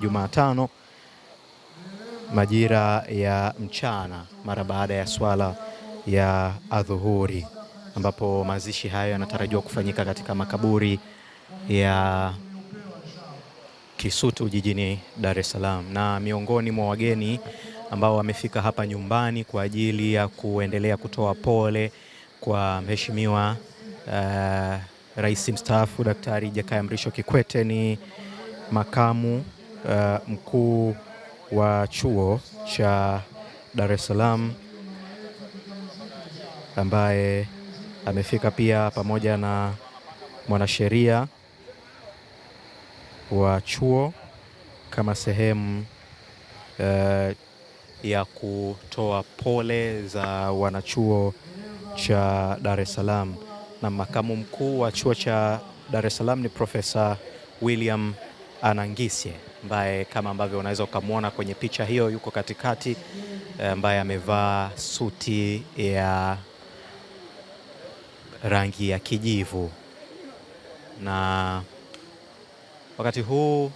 Jumatano majira ya mchana mara baada ya swala ya adhuhuri, ambapo mazishi hayo yanatarajiwa kufanyika katika makaburi ya Kisutu jijini Dar es Salaam. Na miongoni mwa wageni ambao wamefika hapa nyumbani kwa ajili ya kuendelea kutoa pole kwa mheshimiwa uh, rais mstaafu Daktari Jakaya Mrisho Kikwete ni makamu uh, mkuu wa chuo cha Dar es Salaam ambaye amefika pia pamoja na mwanasheria wa chuo kama sehemu uh, ya kutoa pole za wanachuo cha Dar es Salaam, na makamu mkuu wa chuo cha Dar es Salaam ni Profesa William Anangisye ambaye kama ambavyo unaweza ukamwona kwenye picha hiyo yuko katikati, eh, ambaye amevaa suti ya rangi ya kijivu, na wakati huu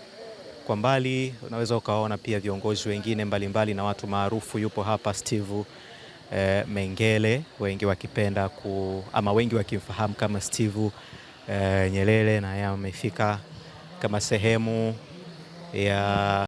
kwa mbali unaweza ukaona pia viongozi wengine mbalimbali mbali na watu maarufu. Yupo hapa Steve eh, Mengele, wengi wakipenda ku, ama wengi wakimfahamu kama Steve eh, Nyerere, na yeye amefika kama sehemu Yeah.